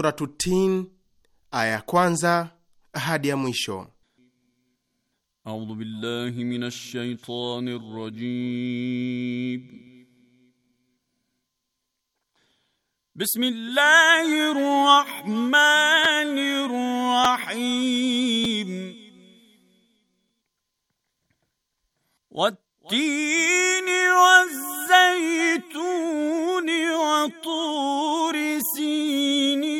Suratu Tin, aya ya kwanza hadi ya mwisho. Audhu billahi minash shaitani rajim. Bismillahir rahmanir rahim. والتين والزيتون وطور سينين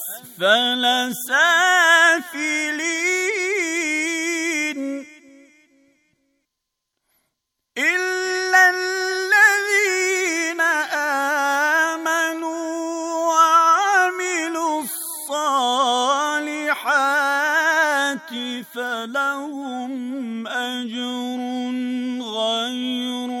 أسفل سافلين إلا الذين آمنوا وعملوا الصالحات فلهم أجر غير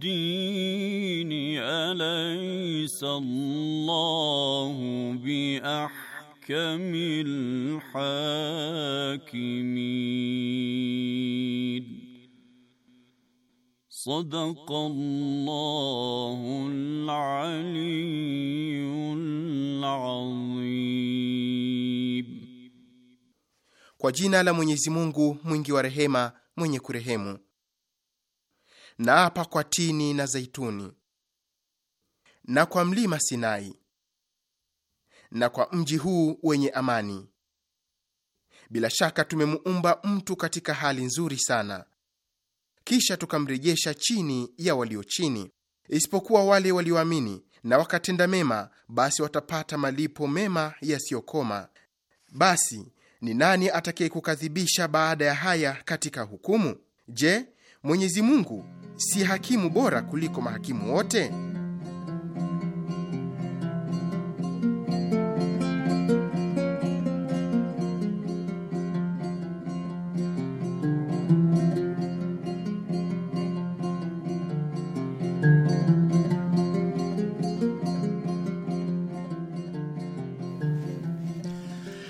الدين أليس الله بأحكم الحاكمين صدق الله العلي العظيم. Kwa jina la Mwenyezi Mungu mwingi wa rehema mwenye kurehemu na apa kwa tini na zaituni na kwa mlima Sinai na kwa mji huu wenye amani. Bila shaka tumemuumba mtu katika hali nzuri sana, kisha tukamrejesha chini ya walio chini, isipokuwa wale walioamini na wakatenda mema, basi watapata malipo mema yasiyokoma. Basi ni nani atakayekukadhibisha baada ya haya katika hukumu? Je, Mwenyezi Mungu si hakimu bora kuliko mahakimu wote?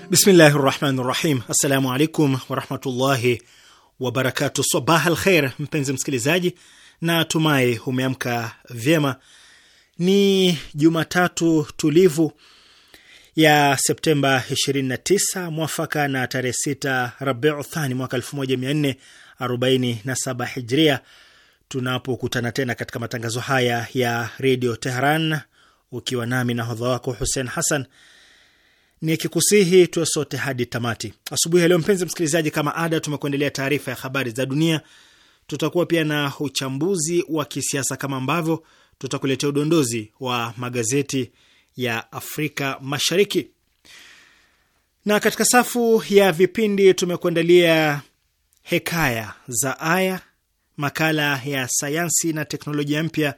Bismillahi rahmani rahim. Assalamu alaikum warahmatullahi wabarakatu. Sabah al kheir, mpenzi msikilizaji, na tumai umeamka vyema. Ni Jumatatu tulivu ya Septemba 29 mwafaka na tarehe 6 Rabiu Thani mwaka 1447 Hijria, tunapokutana tena katika matangazo haya ya Redio Tehran, ukiwa nami na hodha wako Hussein Hassan ni kikusihi tuwe sote hadi tamati. Asubuhi ya leo, mpenzi msikilizaji, kama ada, tumekuendelea taarifa ya habari za dunia. Tutakuwa pia na uchambuzi wa kisiasa kama ambavyo tutakuletea udondozi wa magazeti ya Afrika Mashariki, na katika safu ya vipindi tumekuandalia hekaya za aya, makala ya sayansi na teknolojia mpya,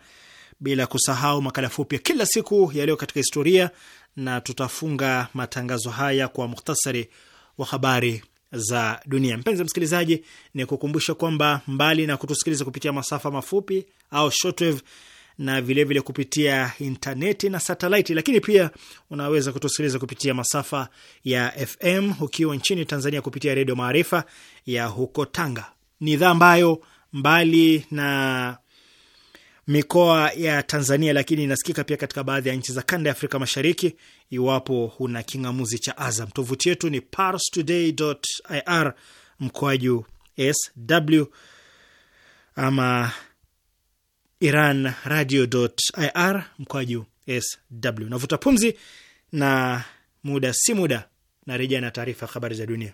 bila kusahau makala fupi ya kila siku yaliyo katika historia na tutafunga matangazo haya kwa muhtasari wa habari za dunia. Mpenzi msikilizaji, ni kukumbusha kwamba mbali na kutusikiliza kupitia masafa mafupi au shortwave na vilevile vile kupitia intaneti na satelaiti, lakini pia unaweza kutusikiliza kupitia masafa ya FM ukiwa nchini Tanzania kupitia Redio Maarifa ya huko Tanga. Ni idhaa ambayo mbali na mikoa ya Tanzania, lakini inasikika pia katika baadhi ya nchi za kanda ya Afrika Mashariki iwapo huna king'amuzi cha Azam. Tovuti yetu ni parstoday.ir mkoaju sw ama Iran ir mkoaju sw. Navuta pumzi na muda si muda narejea na taarifa ya habari za dunia.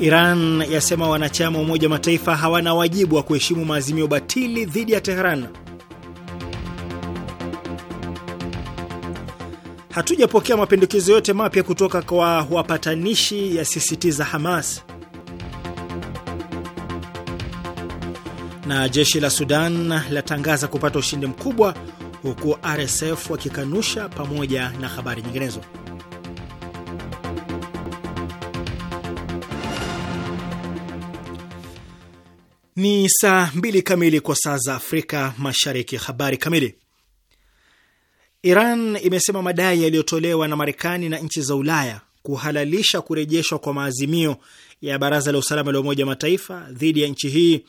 Iran yasema wanachama wa Umoja Mataifa hawana wajibu wa kuheshimu maazimio batili dhidi ya Tehran. Hatujapokea mapendekezo yote mapya kutoka kwa wapatanishi, yasisitiza Hamas. Na jeshi la Sudan latangaza kupata ushindi mkubwa huku RSF wakikanusha, pamoja na habari nyinginezo. Ni saa mbili kamili kwa saa za Afrika Mashariki. Habari kamili. Iran imesema madai yaliyotolewa na Marekani na nchi za Ulaya kuhalalisha kurejeshwa kwa maazimio ya Baraza la Usalama la Umoja wa Mataifa dhidi ya nchi hii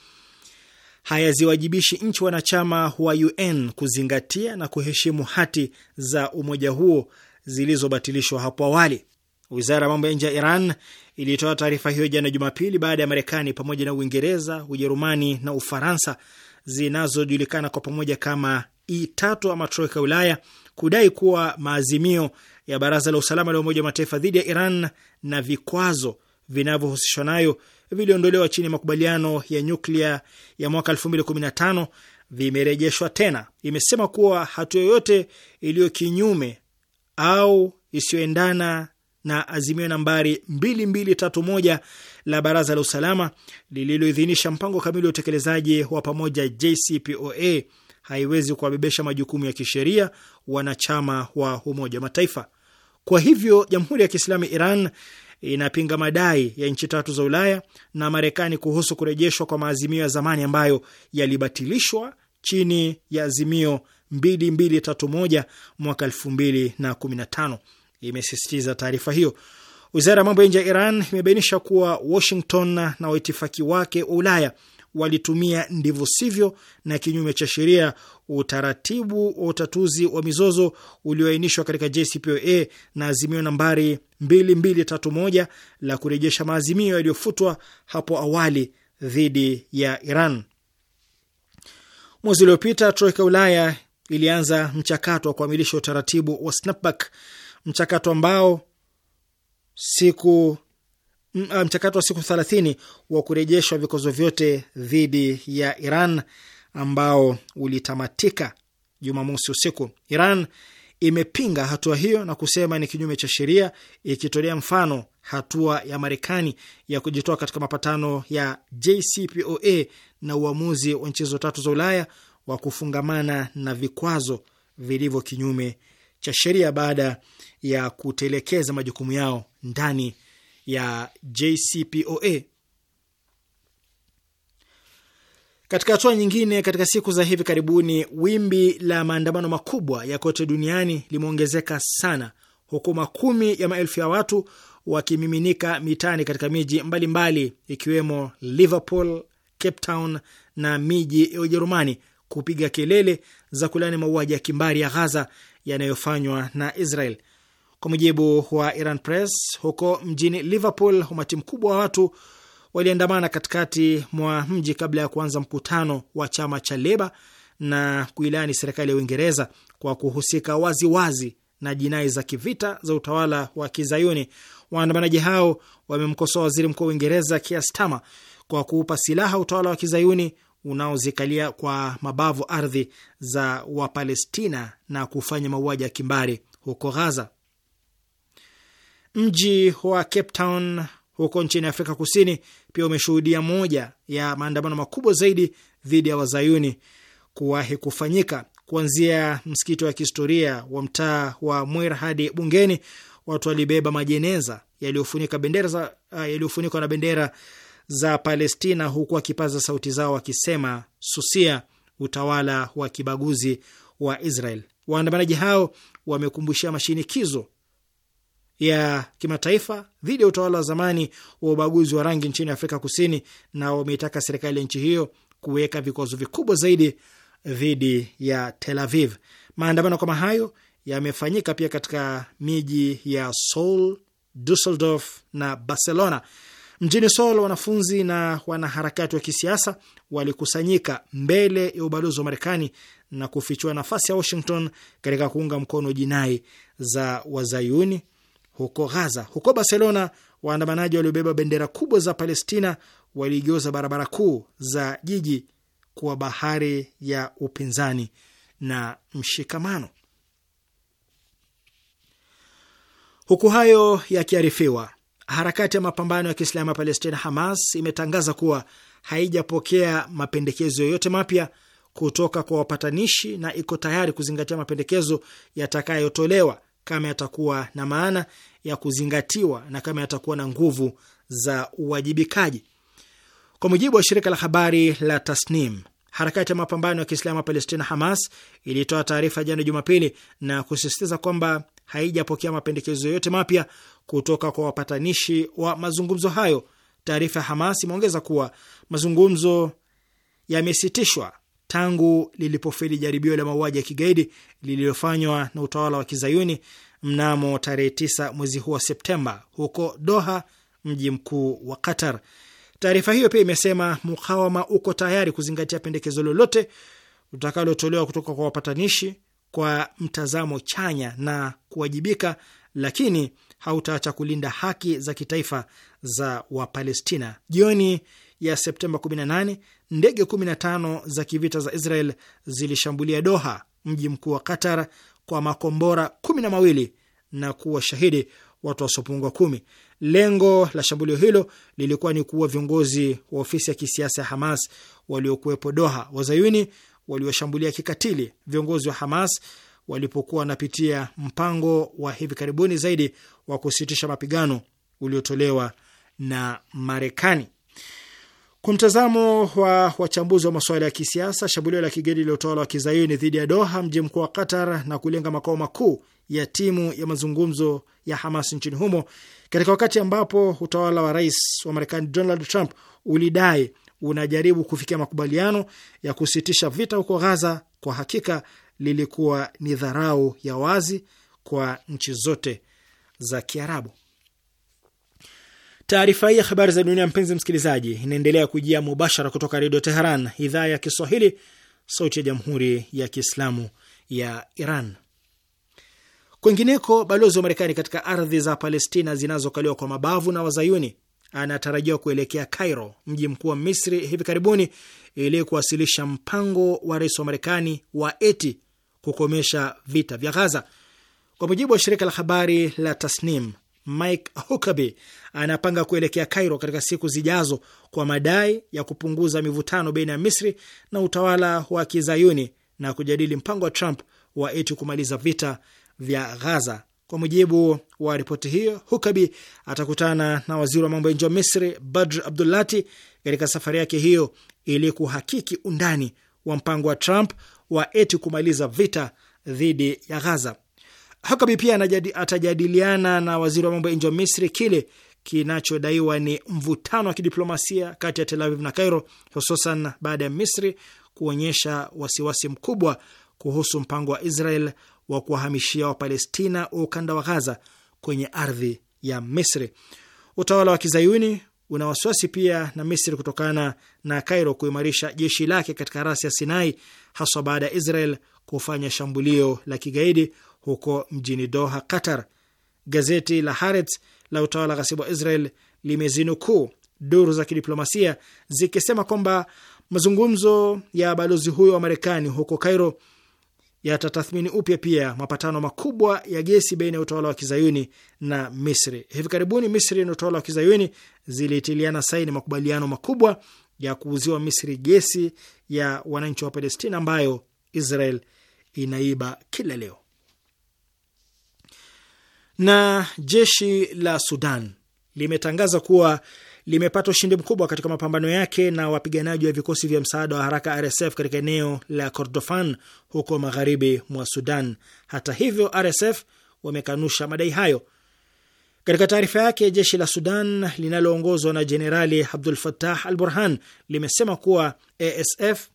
hayaziwajibishi nchi wanachama wa UN kuzingatia na kuheshimu hati za umoja huo zilizobatilishwa hapo awali. Wizara ya mambo ya nje ya Iran ilitoa taarifa hiyo jana Jumapili baada ya Marekani pamoja na Uingereza, Ujerumani na Ufaransa zinazojulikana kwa pamoja kama E3 ama Troika Ulaya kudai kuwa maazimio ya Baraza la Usalama la Umoja wa Mataifa dhidi ya Iran na vikwazo vinavyohusishwa nayo viliondolewa chini ya makubaliano ya nyuklia ya mwaka 2015 vimerejeshwa tena. Imesema kuwa hatua yoyote iliyo kinyume au isiyoendana na azimio nambari 2231 la Baraza la Usalama lililoidhinisha mpango kamili wa utekelezaji wa pamoja JCPOA haiwezi kuwabebesha majukumu ya kisheria wanachama wa Umoja wa Mataifa. Kwa hivyo, Jamhuri ya Kiislamu Iran inapinga madai ya nchi tatu za Ulaya na Marekani kuhusu kurejeshwa kwa maazimio ya zamani ambayo yalibatilishwa chini ya azimio 2231 mwaka 2015 imesisitiza taarifa hiyo. Wizara ya mambo ya nje ya Iran imebainisha kuwa Washington na waitifaki wake wa Ulaya walitumia ndivyo sivyo na kinyume cha sheria utaratibu wa utatuzi wa mizozo ulioainishwa katika JCPOA na azimio nambari 2231 la kurejesha maazimio yaliyofutwa hapo awali dhidi ya Iran. Mwezi uliopita troika Ulaya ilianza mchakato wa kuamilisha utaratibu wa snapback mchakato ambao siku mchakato wa siku thelathini wa kurejeshwa vikwazo vyote dhidi ya Iran ambao ulitamatika Jumamosi usiku. Iran imepinga hatua hiyo na kusema ni kinyume cha sheria, ikitolea mfano hatua ya Marekani ya kujitoa katika mapatano ya JCPOA na uamuzi wa nchi hizo tatu za Ulaya wa kufungamana na vikwazo vilivyo kinyume cha sheria baada ya kutelekeza majukumu yao ndani ya JCPOA. Katika hatua nyingine, katika siku za hivi karibuni, wimbi la maandamano makubwa ya kote duniani limeongezeka sana, huku makumi ya maelfu ya watu wakimiminika mitaani katika miji mbalimbali mbali, ikiwemo Liverpool, Cape Town na miji ya Ujerumani kupiga kelele za kulani mauaji ya kimbari ya Ghaza yanayofanywa na Israel. Kwa mujibu wa Iran Press, huko mjini Liverpool, umati mkubwa wa watu waliandamana katikati mwa mji kabla ya kuanza mkutano wa chama cha Leba na kuilani serikali ya Uingereza kwa kuhusika waziwazi wazi na jinai za kivita za utawala wa Kizayuni. Waandamanaji hao wamemkosoa waziri mkuu wa Uingereza Keir Starmer kwa kuupa silaha utawala wa Kizayuni unaozikalia kwa mabavu ardhi za Wapalestina na kufanya mauaji ya kimbari huko Ghaza. Mji wa Cape Town huko nchini Afrika Kusini pia umeshuhudia moja ya maandamano makubwa zaidi dhidi ya wazayuni kuwahi kufanyika. Kuanzia msikiti wa kihistoria wa mtaa wa Mwer hadi bungeni, watu walibeba majeneza uh, yaliyofunikwa uh, na bendera za Palestina, huku wakipaza sauti zao wakisema, susia utawala wa kibaguzi wa Israel. Waandamanaji hao wamekumbushia mashinikizo ya kimataifa dhidi ya utawala wa zamani wa ubaguzi wa rangi nchini Afrika Kusini, na wameitaka serikali ya nchi hiyo kuweka vikwazo vikubwa zaidi dhidi ya Tel Aviv. Maandamano kama hayo yamefanyika pia katika miji ya Seoul, Dusseldorf na Barcelona Mjini Seoul, wanafunzi na wanaharakati wa kisiasa walikusanyika mbele ya ubalozi wa Marekani na kufichua nafasi ya Washington katika kuunga mkono jinai za wazayuni huko Gaza. Huko Barcelona, waandamanaji waliobeba bendera kubwa za Palestina waligeuza barabara kuu za jiji kuwa bahari ya upinzani na mshikamano. Huku hayo yakiarifiwa, Harakati ya mapambano ya Kiislamu ya Palestina, Hamas, imetangaza kuwa haijapokea mapendekezo yoyote mapya kutoka kwa wapatanishi na iko tayari kuzingatia mapendekezo yatakayotolewa kama yatakuwa na maana ya kuzingatiwa na kama yatakuwa na nguvu za uwajibikaji. Kwa mujibu wa shirika la habari la Tasnim, harakati ya mapambano ya Kiislamu ya Palestina, Hamas, ilitoa taarifa jana Jumapili na kusisitiza kwamba haijapokea mapendekezo yoyote mapya kutoka kwa wapatanishi wa mazungumzo hayo. Taarifa ya Hamas imeongeza kuwa mazungumzo yamesitishwa tangu lilipofeli jaribio la mauaji ya kigaidi lililofanywa na utawala wa kizayuni mnamo tarehe 9 mwezi huu wa Septemba huko Doha, mji mkuu wa Qatar. Taarifa hiyo pia imesema mukawama uko tayari kuzingatia pendekezo lolote utakalotolewa kutoka kwa wapatanishi kwa mtazamo chanya na kuwajibika, lakini hautaacha kulinda haki za kitaifa za Wapalestina. Jioni ya Septemba 18 ndege 15 za kivita za Israel zilishambulia Doha, mji mkuu wa Qatar, kwa makombora kumi na mawili na kuwa shahidi watu wasiopungua kumi. Lengo la shambulio hilo lilikuwa ni kuua viongozi wa ofisi ya kisiasa ya Hamas waliokuwepo Doha. Wazayuni walioshambulia kikatili viongozi wa Hamas walipokuwa wanapitia mpango wa hivi karibuni zaidi wa kusitisha mapigano uliotolewa na Marekani. Kwa mtazamo wa wachambuzi wa masuala ya kisiasa, shambulio la kigeni la utawala wa kizayuni dhidi ya Doha, mji mkuu wa Qatar, na kulenga makao makuu ya timu ya mazungumzo ya Hamas nchini humo katika wakati ambapo utawala wa rais wa Marekani Donald Trump ulidai unajaribu kufikia makubaliano ya kusitisha vita huko Ghaza, kwa hakika lilikuwa ni dharau ya wazi kwa nchi zote za Kiarabu. Taarifa hii ya habari za dunia, mpenzi msikilizaji, inaendelea kujia mubashara kutoka Redio Teheran, idhaa ya Kiswahili, sauti ya Jamhuri ya Kiislamu ya Iran. Kwingineko, balozi wa Marekani katika ardhi za Palestina zinazokaliwa kwa mabavu na Wazayuni anatarajiwa kuelekea Cairo, mji mkuu wa Misri, hivi karibuni ili kuwasilisha mpango wa rais wa Marekani wa eti kukomesha vita vya Ghaza. Kwa mujibu wa shirika la habari la Tasnim, Mike Huckabee anapanga kuelekea Cairo katika siku zijazo kwa madai ya kupunguza mivutano baina ya Misri na utawala wa Kizayuni na kujadili mpango wa Trump wa eti kumaliza vita vya Ghaza. Kwa mujibu wa ripoti hiyo, Hukabi atakutana na waziri wa mambo ya nje wa Misri Badr Abdulati katika safari yake hiyo ili kuhakiki undani wa mpango wa Trump wa eti kumaliza vita dhidi ya Ghaza. Hakabi pia atajadiliana na waziri wa mambo ya nje wa Misri kile kinachodaiwa ni mvutano wa kidiplomasia kati ya Tel Aviv na Cairo, hususan baada ya Misri kuonyesha wasiwasi mkubwa kuhusu mpango wa Israel wa kuwahamishia Wapalestina wa ukanda wa Ghaza kwenye ardhi ya Misri. Utawala wa kizayuni una wasiwasi pia na Misri kutokana na Cairo kuimarisha jeshi lake katika rasi ya Sinai haswa baada ya Israel kufanya shambulio la kigaidi huko mjini Doha, Qatar. Gazeti la Haaretz la utawala ghasibu wa Israel limezinukuu duru za kidiplomasia zikisema kwamba mazungumzo ya balozi huyo wa Marekani huko Cairo yatatathmini upya pia mapatano makubwa ya gesi baina ya utawala wa kizayuni na Misri. Hivi karibuni Misri na utawala wa kizayuni zilitiliana saini makubaliano makubwa ya kuuziwa Misri gesi ya wananchi wa Palestina ambayo Israel inaiba kila leo. Na jeshi la Sudan limetangaza kuwa limepata ushindi mkubwa katika mapambano yake na wapiganaji wa vikosi vya msaada wa haraka RSF katika eneo la Kordofan huko magharibi mwa Sudan. Hata hivyo, RSF wamekanusha madai hayo. Katika taarifa yake, jeshi la Sudan linaloongozwa na Jenerali Abdul fatah al Burhan limesema kuwa ASF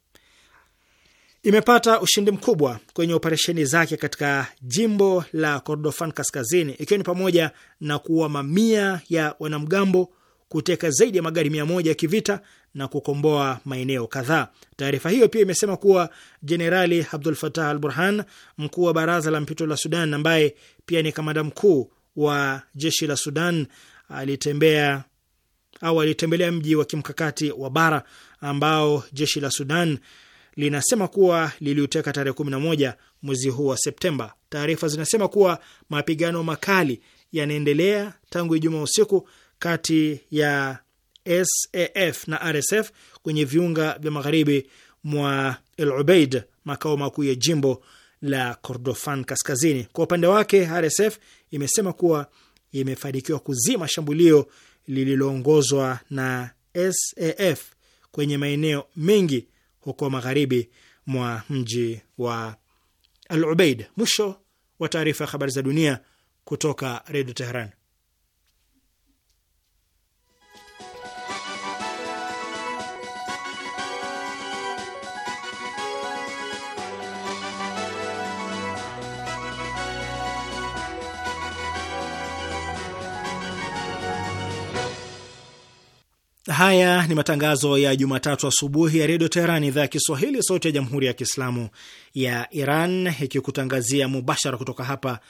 imepata ushindi mkubwa kwenye operesheni zake katika jimbo la Kordofan Kaskazini, ikiwa ni pamoja na kuua mamia ya wanamgambo, kuteka zaidi ya magari mia moja ya kivita na kukomboa maeneo kadhaa. Taarifa hiyo pia imesema kuwa Jenerali Abdul Fatah al Burhan, mkuu wa baraza la mpito la Sudan, ambaye pia ni kamanda mkuu wa jeshi la Sudan alitembea au alitembelea mji wa kimkakati wa Bara ambao jeshi la Sudan linasema kuwa liliuteka tarehe moja mwezi huu wa Septemba. Taarifa zinasema kuwa mapigano makali yanaendelea tangu Ijumaa usiku kati ya SAF na RSF kwenye viunga vya magharibi mwa El Ubeid, makao makuu ya jimbo la Kordofan Kaskazini. Kwa upande wake, RSF imesema kuwa imefanikiwa kuzima shambulio lililoongozwa na SAF kwenye maeneo mengi huko magharibi mwa mji wa Al Ubaid. Mwisho wa taarifa ya habari za dunia kutoka Redio Teheran. Haya ni matangazo ya Jumatatu asubuhi ya redio Teheran, idhaa ya Kiswahili, sauti ya jamhuri ya kiislamu ya Iran, ikikutangazia mubashara kutoka hapa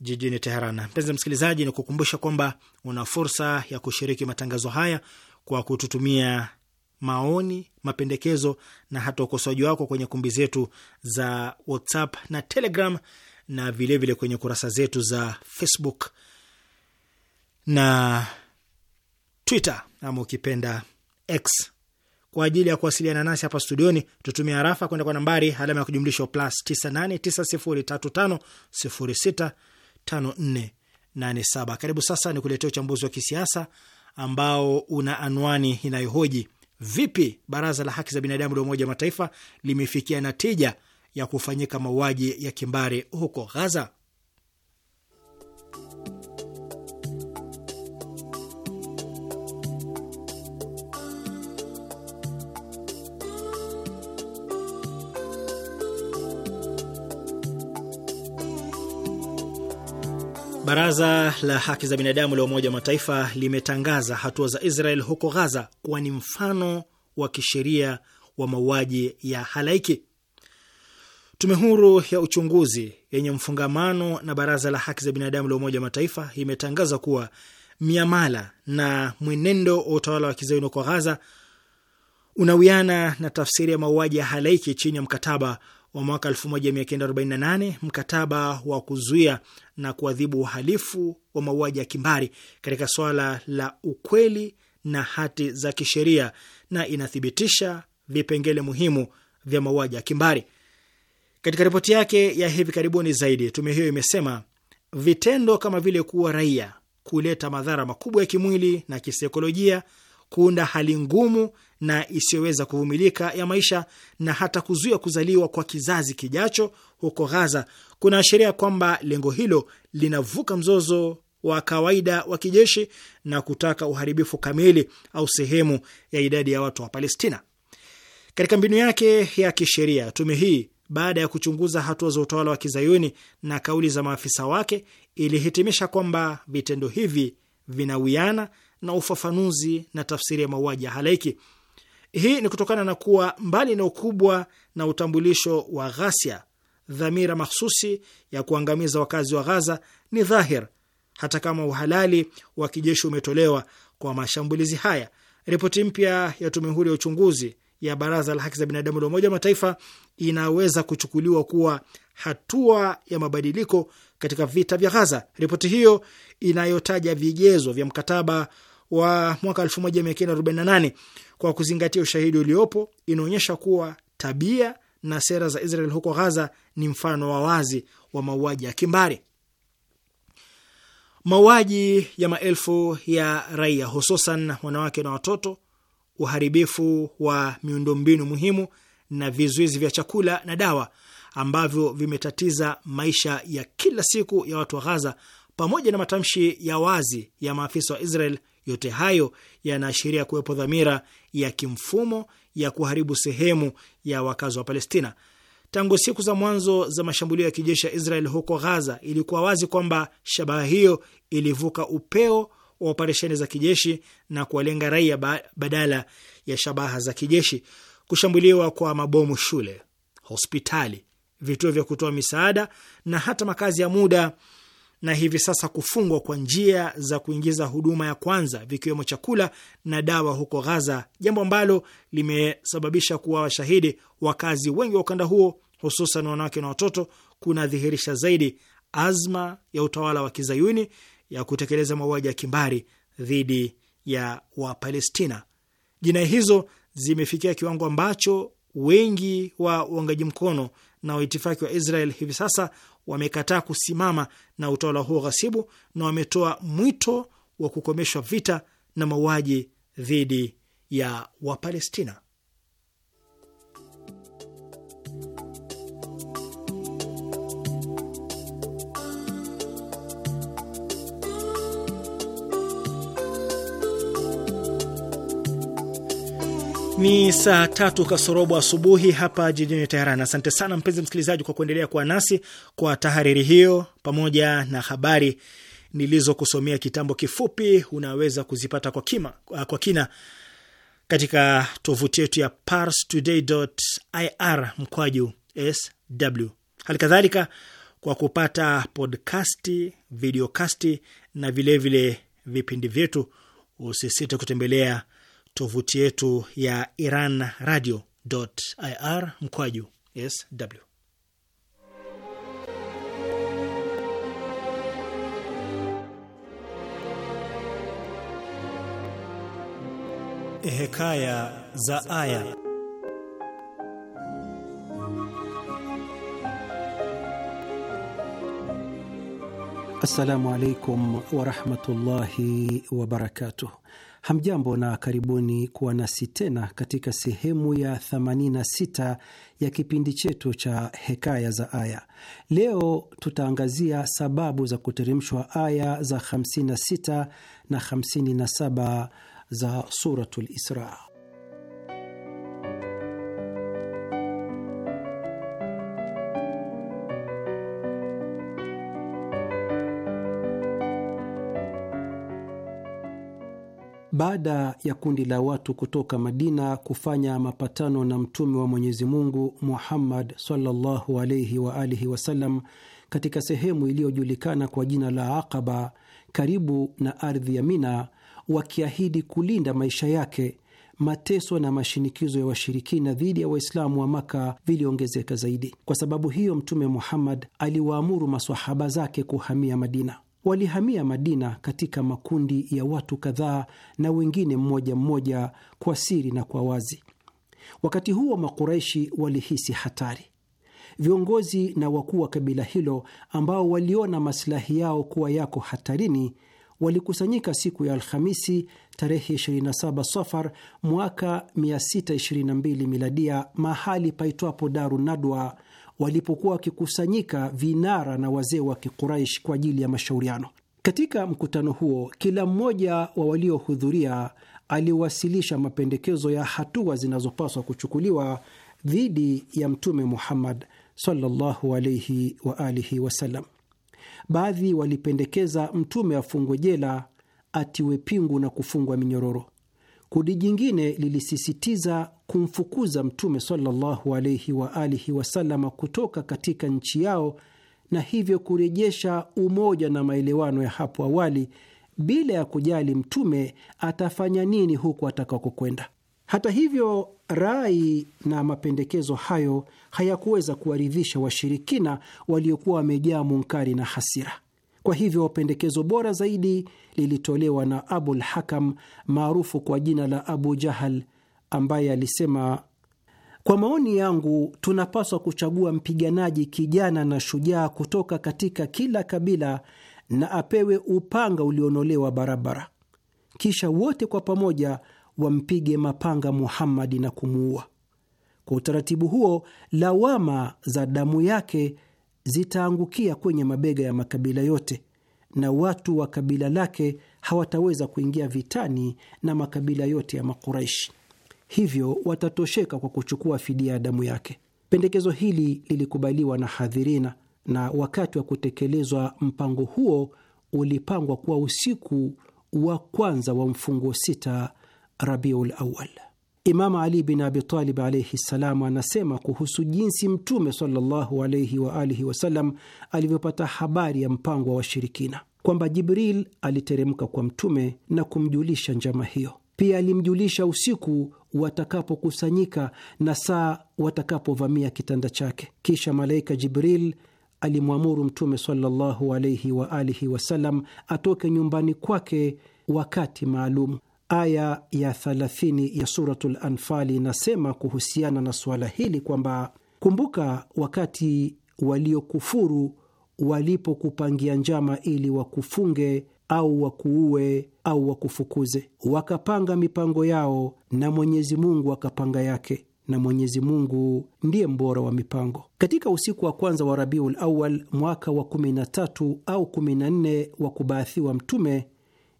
jijini Teheran. Mpenzi msikilizaji, ni kukumbusha kwamba una fursa ya kushiriki matangazo haya kwa kututumia maoni, mapendekezo na hata ukosoaji wako kwenye kumbi zetu za WhatsApp na Telegram na vilevile vile kwenye kurasa zetu za Facebook na Twitter ama ukipenda X kwa ajili ya kuwasiliana nasi hapa studioni, tutumia harafa kwenda kwa nambari alama ya kujumlisha plus 989035065487. Karibu sasa ni kuletea uchambuzi wa kisiasa ambao una anwani inayohoji vipi baraza la haki za binadamu la Umoja wa Mataifa limefikia natija ya kufanyika mauaji ya kimbari huko Ghaza. Baraza la haki za binadamu la Umoja wa Mataifa limetangaza hatua za Israel huko Ghaza kuwa ni mfano wa kisheria wa mauaji ya halaiki. Tume huru ya uchunguzi yenye mfungamano na Baraza la haki za binadamu la Umoja wa Mataifa imetangaza kuwa miamala na mwenendo wa utawala wa kizayuni huko Ghaza unawiana na tafsiri ya mauaji ya halaiki chini ya mkataba wa mwaka 1948 mkataba wa kuzuia na kuadhibu uhalifu wa mauaji ya kimbari katika swala la ukweli na hati za kisheria na inathibitisha vipengele muhimu vya mauaji ya kimbari. Katika ripoti yake ya hivi karibuni zaidi, tume hiyo imesema vitendo kama vile kuwa raia, kuleta madhara makubwa ya kimwili na kisaikolojia kuunda hali ngumu na isiyoweza kuvumilika ya maisha na hata kuzuia kuzaliwa kwa kizazi kijacho huko Ghaza kunaashiria kwamba lengo hilo linavuka mzozo wa kawaida wa kijeshi na kutaka uharibifu kamili au sehemu ya idadi ya watu wa Palestina. Katika mbinu yake ya kisheria, tume hii baada ya kuchunguza hatua za utawala wa kizayuni na kauli za maafisa wake ilihitimisha kwamba vitendo hivi vinawiana na ufafanuzi na tafsiri ya mauaji ya halaiki. Hii ni kutokana na kuwa mbali na ukubwa na utambulisho wa ghasia, dhamira mahsusi ya kuangamiza wakazi wa Ghaza ni dhahir, hata kama uhalali wa kijeshi umetolewa kwa mashambulizi haya. Ripoti mpya ya tume huru ya uchunguzi ya Baraza la Haki za Binadamu la Umoja wa Mataifa inaweza kuchukuliwa kuwa hatua ya mabadiliko katika vita vya Ghaza. Ripoti hiyo inayotaja vigezo vya mkataba wa mwaka 1948 kwa kuzingatia ushahidi uliopo, inaonyesha kuwa tabia na sera za Israel huko Gaza ni mfano wa wazi wa mauaji ya kimbari. Mauaji ya maelfu ya raia, hususan wanawake na watoto, uharibifu wa miundombinu muhimu na vizuizi vya chakula na dawa ambavyo vimetatiza maisha ya kila siku ya watu wa Ghaza, pamoja na matamshi ya wazi ya maafisa wa Israel yote hayo yanaashiria kuwepo dhamira ya kimfumo ya kuharibu sehemu ya wakazi wa Palestina. Tangu siku za mwanzo za mashambulio ya kijeshi ya Israel huko Ghaza, ilikuwa wazi kwamba shabaha hiyo ilivuka upeo wa operesheni za kijeshi na kuwalenga raia badala ya shabaha za kijeshi. Kushambuliwa kwa mabomu shule, hospitali, vituo vya kutoa misaada na hata makazi ya muda na hivi sasa kufungwa kwa njia za kuingiza huduma ya kwanza vikiwemo chakula na dawa huko Ghaza, jambo ambalo limesababisha kuwa washahidi wakazi wengi wa ukanda huo, hususan wanawake na watoto, kunadhihirisha zaidi azma ya utawala wa kizayuni ya kutekeleza mauaji ya kimbari dhidi ya Wapalestina. Jinai hizo zimefikia kiwango ambacho wengi wa uangaji mkono na waitifaki wa Israel hivi sasa wamekataa kusimama na utawala huo ghasibu na wametoa mwito wa kukomeshwa vita na mauaji dhidi ya Wapalestina. Ni saa tatu kasorobo asubuhi hapa jijini Teheran. Asante sana mpenzi msikilizaji kwa kuendelea kuwa nasi kwa tahariri hiyo pamoja na habari nilizokusomea kitambo kifupi. Unaweza kuzipata kwa, kima, kwa kina katika tovuti yetu ya parstoday.ir mkwaju sw. Hali kadhalika kwa kupata podcasti, videokasti na vilevile vile vipindi vyetu, usisite kutembelea tovuti yetu ya Iran radio ir mkwaju sw. Hekaya za Aya. Assalamu alaikum warahmatullahi wabarakatuh. Hamjambo na karibuni kuwa nasi tena katika sehemu ya 86 ya kipindi chetu cha Hekaya za Aya. Leo tutaangazia sababu za kuteremshwa aya za 56 na 57 za Suratul Isra. Baada ya kundi la watu kutoka Madina kufanya mapatano na mtume wa Mwenyezi Mungu Muhammad sallallahu alaihi wa alihi wasallam katika sehemu iliyojulikana kwa jina la Aqaba karibu na ardhi ya Mina, wakiahidi kulinda maisha yake, mateso na mashinikizo ya washirikina dhidi ya Waislamu wa Maka viliongezeka zaidi. Kwa sababu hiyo, Mtume Muhammad aliwaamuru masahaba zake kuhamia Madina walihamia Madina katika makundi ya watu kadhaa na wengine mmoja mmoja, kwa siri na kwa wazi. Wakati huo Makuraishi walihisi hatari. Viongozi na wakuu wa kabila hilo ambao waliona masilahi yao kuwa yako hatarini walikusanyika siku ya Alhamisi tarehe 27 Safar mwaka 622 miladia mahali paitwapo Daru Nadwa walipokuwa wakikusanyika vinara na wazee wa Kikuraish kwa ajili ya mashauriano. Katika mkutano huo, kila mmoja wa waliohudhuria aliwasilisha mapendekezo ya hatua zinazopaswa kuchukuliwa dhidi ya Mtume Muhammad sallallahu wa alihi wasallam. Baadhi walipendekeza Mtume afungwe jela, atiwe pingu na kufungwa minyororo. Kundi jingine lilisisitiza kumfukuza Mtume sallallahu alaihi wa alihi wasalama kutoka katika nchi yao na hivyo kurejesha umoja na maelewano ya hapo awali bila ya kujali Mtume atafanya nini huku atakakokwenda. Hata hivyo, rai na mapendekezo hayo hayakuweza kuwaridhisha washirikina waliokuwa wamejaa munkari na hasira. Kwa hivyo pendekezo bora zaidi lilitolewa na Abul Hakam maarufu kwa jina la Abu Jahal, ambaye alisema, kwa maoni yangu, tunapaswa kuchagua mpiganaji kijana na shujaa kutoka katika kila kabila na apewe upanga ulionolewa barabara, kisha wote kwa pamoja wampige mapanga Muhammadi na kumuua. Kwa utaratibu huo, lawama za damu yake zitaangukia kwenye mabega ya makabila yote na watu wa kabila lake hawataweza kuingia vitani na makabila yote ya Makuraishi, hivyo watatosheka kwa kuchukua fidia ya damu yake. Pendekezo hili lilikubaliwa na hadhirina, na wakati wa kutekelezwa mpango huo ulipangwa kuwa usiku wa kwanza wa mfungo sita Rabiul Awal. Imamu Ali bin Abitalib alaihi ssalam anasema kuhusu jinsi Mtume sallallahu alaihi wa alihi wasallam alivyopata habari ya mpango wa washirikina kwamba Jibril aliteremka kwa Mtume na kumjulisha njama hiyo. Pia alimjulisha usiku watakapokusanyika na saa watakapovamia kitanda chake. Kisha malaika Jibril alimwamuru Mtume sallallahu alaihi wa alihi wasallam atoke nyumbani kwake wakati maalum aya ya 30 ya Suratul Anfali inasema kuhusiana na suala hili kwamba kumbuka wakati waliokufuru walipokupangia njama ili wakufunge au wakuue au wakufukuze, wakapanga mipango yao, na Mwenyezi Mungu akapanga yake, na Mwenyezi Mungu ndiye mbora wa mipango. Katika usiku wa kwanza wa Rabiul Awal mwaka wa 13 au 14 wa kubaathiwa Mtume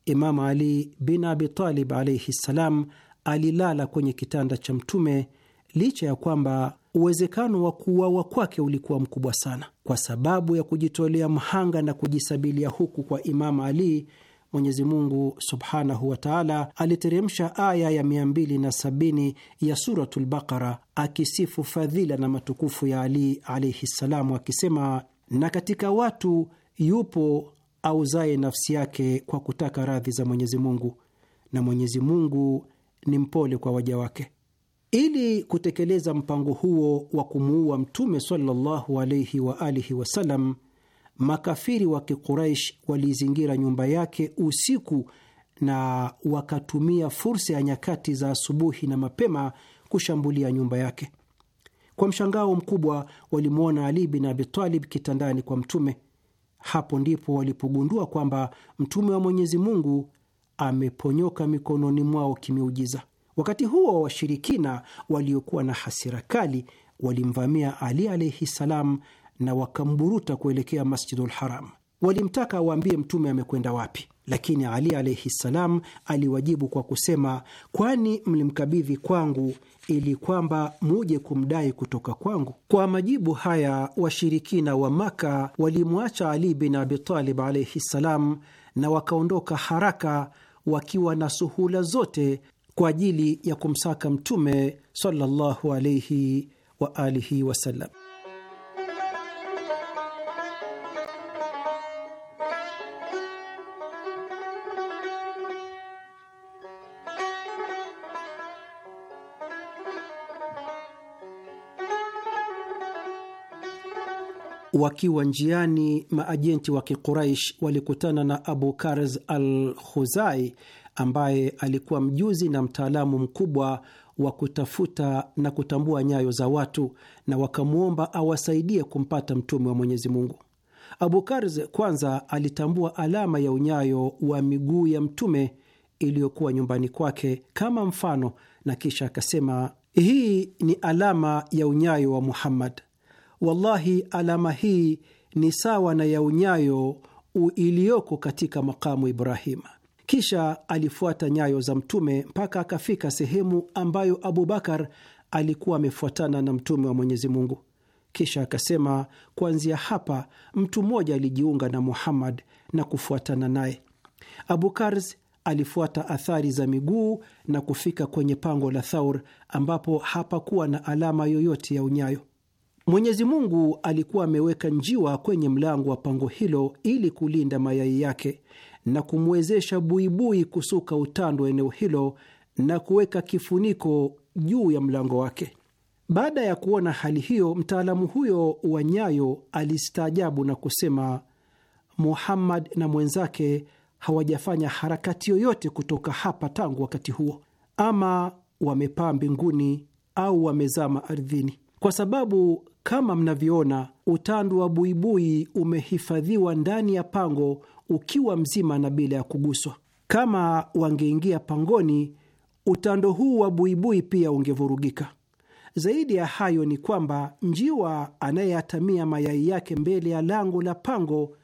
Imamu Ali bin Abi Talib alaihi ssalam alilala kwenye kitanda cha Mtume licha ya kwamba uwezekano wa kuuawa kwake ulikuwa mkubwa sana. Kwa sababu ya kujitolea mhanga na kujisabilia huku kwa Imamu Ali, Mwenyezi Mungu subhanahu wa taala aliteremsha aya ya 270 ya Suratul Baqara akisifu fadhila na matukufu ya Ali alaihi ssalamu akisema, na katika watu yupo auzaye nafsi yake kwa kutaka radhi za Mwenyezi Mungu, na Mwenyezi Mungu ni mpole kwa waja wake. Ili kutekeleza mpango huo wa kumuua Mtume sallallahu alaihi wa alihi wasallam, makafiri wa Kiquraish waliizingira nyumba yake usiku na wakatumia fursa ya nyakati za asubuhi na mapema kushambulia nyumba yake. Kwa mshangao mkubwa, walimwona Ali bin Abi Talib kitandani kwa Mtume. Hapo ndipo walipogundua kwamba mtume wa Mwenyezi Mungu ameponyoka mikononi mwao kimeujiza. Wakati huo washirikina waliokuwa na hasira kali walimvamia Ali alaihi salam na wakamburuta kuelekea Masjidul Haram. Walimtaka awaambie mtume amekwenda wapi, lakini Ali alaihi salam aliwajibu kwa kusema, kwani mlimkabidhi kwangu ili kwamba muje kumdai kutoka kwangu? Kwa majibu haya, washirikina wa Maka walimwacha Ali bin Abitalib alaihi ssalam, na wakaondoka haraka wakiwa na suhula zote kwa ajili ya kumsaka Mtume sallallahu alaihi waalihi wasallam. Wakiwa njiani, maajenti wa Kiquraish walikutana na Abu Karz al Khuzai ambaye alikuwa mjuzi na mtaalamu mkubwa wa kutafuta na kutambua nyayo za watu na wakamwomba awasaidie kumpata mtume wa Mwenyezi Mungu. Abu Karz kwanza alitambua alama ya unyayo wa miguu ya mtume iliyokuwa nyumbani kwake kama mfano, na kisha akasema, hii ni alama ya unyayo wa Muhammad. Wallahi, alama hii ni sawa na ya unyayo iliyoko katika makamu Ibrahima. Kisha alifuata nyayo za Mtume mpaka akafika sehemu ambayo Abubakar alikuwa amefuatana na Mtume wa Mwenyezi Mungu. Kisha akasema, kuanzia hapa mtu mmoja alijiunga na Muhammad na kufuatana naye. Abukars alifuata athari za miguu na kufika kwenye pango la Thaur ambapo hapakuwa na alama yoyote ya unyayo. Mwenyezi Mungu alikuwa ameweka njiwa kwenye mlango wa pango hilo ili kulinda mayai yake na kumwezesha buibui kusuka utando wa eneo hilo na kuweka kifuniko juu ya mlango wake. Baada ya kuona hali hiyo, mtaalamu huyo wa nyayo alistaajabu na kusema, Muhammad na mwenzake hawajafanya harakati yoyote kutoka hapa tangu wakati huo, ama wamepaa mbinguni au wamezama ardhini, kwa sababu kama mnavyoona, utando wa buibui umehifadhiwa ndani ya pango ukiwa mzima na bila ya kuguswa. Kama wangeingia pangoni, utando huu wa buibui pia ungevurugika. Zaidi ya hayo ni kwamba njiwa anayeatamia mayai yake mbele ya lango la pango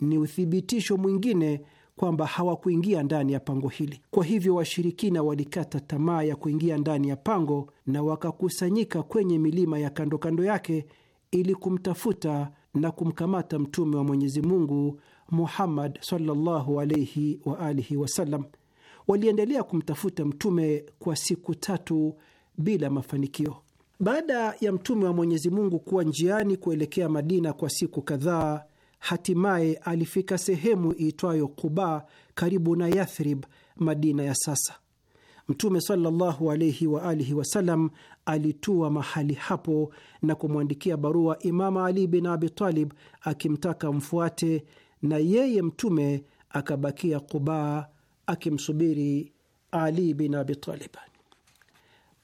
ni uthibitisho mwingine kwamba hawakuingia ndani ya pango hili. Kwa hivyo washirikina walikata tamaa ya kuingia ndani ya pango na wakakusanyika kwenye milima ya kando kando yake ili kumtafuta na kumkamata Mtume wa Mwenyezi Mungu Muhammad sallallahu wa alihi wasallam. Waliendelea kumtafuta Mtume kwa siku tatu bila mafanikio. Baada ya Mtume wa Mwenyezi Mungu kuwa njiani kuelekea Madina kwa siku kadhaa hatimaye alifika sehemu iitwayo Quba karibu na Yathrib, Madina ya sasa. Mtume sallallahu alaihi wa alihi wasallam alitua mahali hapo na kumwandikia barua Imama Ali bin Abitalib akimtaka mfuate, na yeye Mtume akabakia Quba akimsubiri Ali bin Abitalib.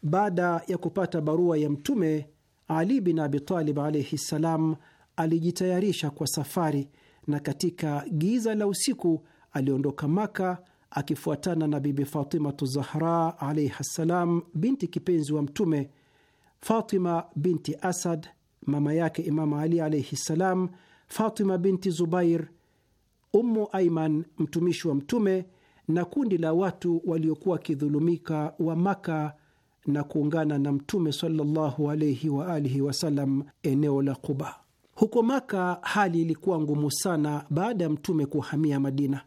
Baada ya kupata barua ya Mtume, Ali bin Abitalib alaihi ssalam alijitayarisha kwa safari, na katika giza la usiku aliondoka Maka akifuatana na Bibi Fatimatu Zahra alaihi ssalam, binti kipenzi wa Mtume. Fatima binti Asad, mama yake Imamu Ali alaihi ssalam, Fatima binti Zubair, Ummu Aiman, mtumishi wa Mtume, na kundi la watu waliokuwa wakidhulumika wa Maka na kuungana na Mtume sallallahu alaihi waalihi wasalam eneo la Quba. Huko Maka hali ilikuwa ngumu sana baada ya mtume kuhamia Madina.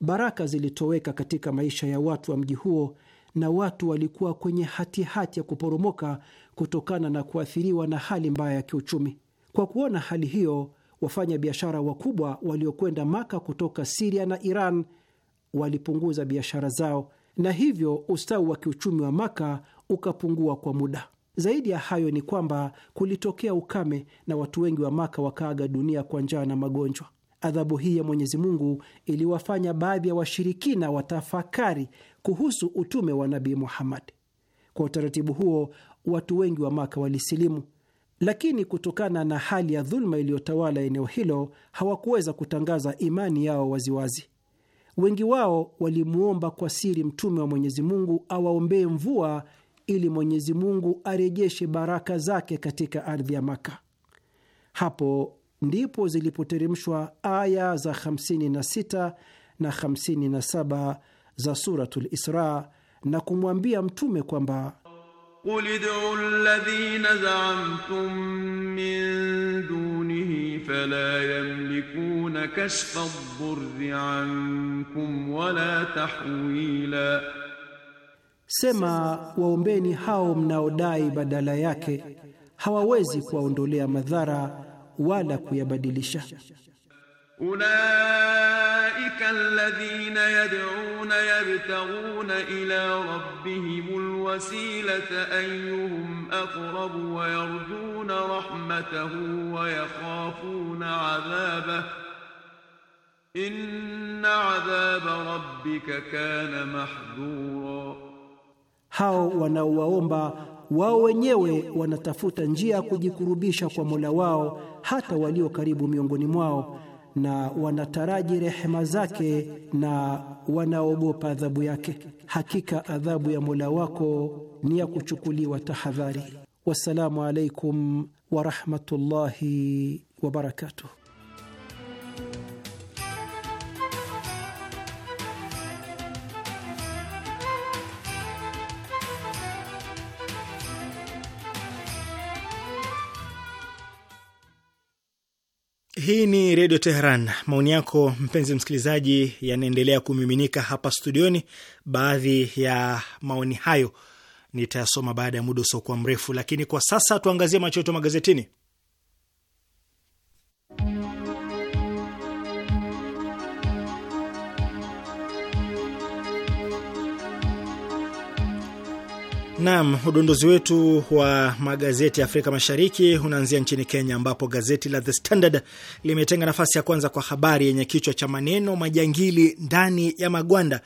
Baraka zilitoweka katika maisha ya watu wa mji huo, na watu walikuwa kwenye hatihati hati ya kuporomoka kutokana na kuathiriwa na hali mbaya ya kiuchumi. Kwa kuona hali hiyo, wafanya biashara wakubwa waliokwenda Maka kutoka Siria na Iran walipunguza biashara zao, na hivyo ustawi wa kiuchumi wa Maka ukapungua kwa muda. Zaidi ya hayo ni kwamba kulitokea ukame na watu wengi wa Maka wakaaga dunia kwa njaa na magonjwa. Adhabu hii ya Mwenyezi Mungu iliwafanya baadhi ya washirikina watafakari kuhusu utume wa Nabii Muhammad. Kwa utaratibu huo, watu wengi wa Maka walisilimu, lakini kutokana na hali ya dhuluma iliyotawala eneo hilo hawakuweza kutangaza imani yao waziwazi. Wengi wao walimwomba kwa siri Mtume wa Mwenyezi Mungu awaombee mvua ili Mwenyezi Mungu arejeshe baraka zake katika ardhi ya Maka. Hapo ndipo zilipoteremshwa aya za 56 na 57 za Suratul Isra na kumwambia Mtume kwamba Qul id'u alladhina za'amtum min dunihi fala yamlikuna kashfa ad-durri 'ankum wala tahwila Sema, waombeni hao mnaodai badala yake, hawawezi kuwaondolea madhara wala kuyabadilisha. Ulaika alladhina yad'una yabtaghuna ila rabbihimul wasilata ayyuhum aqrabu wa yarjuna rahmatahu wa yakhafuna 'adhabahu inna 'adhaba rabbika kana mahdhura Hao wanaowaomba wao wenyewe wanatafuta njia ya kujikurubisha kwa Mola wao, hata walio karibu miongoni mwao, na wanataraji rehema zake na wanaogopa adhabu yake. Hakika adhabu ya Mola wako ni ya kuchukuliwa tahadhari. Wassalamu alaikum warahmatullahi wabarakatuh. Hii ni Redio Teheran. Maoni yako mpenzi msikilizaji, yanaendelea kumiminika hapa studioni. Baadhi ya maoni hayo nitayasoma baada ya muda usiokuwa mrefu, lakini kwa sasa tuangazie macho yetu magazetini. Naam, udondozi wetu wa magazeti ya Afrika Mashariki unaanzia nchini Kenya, ambapo gazeti la The Standard limetenga nafasi ya kwanza kwa habari yenye kichwa cha maneno majangili ndani ya magwanda.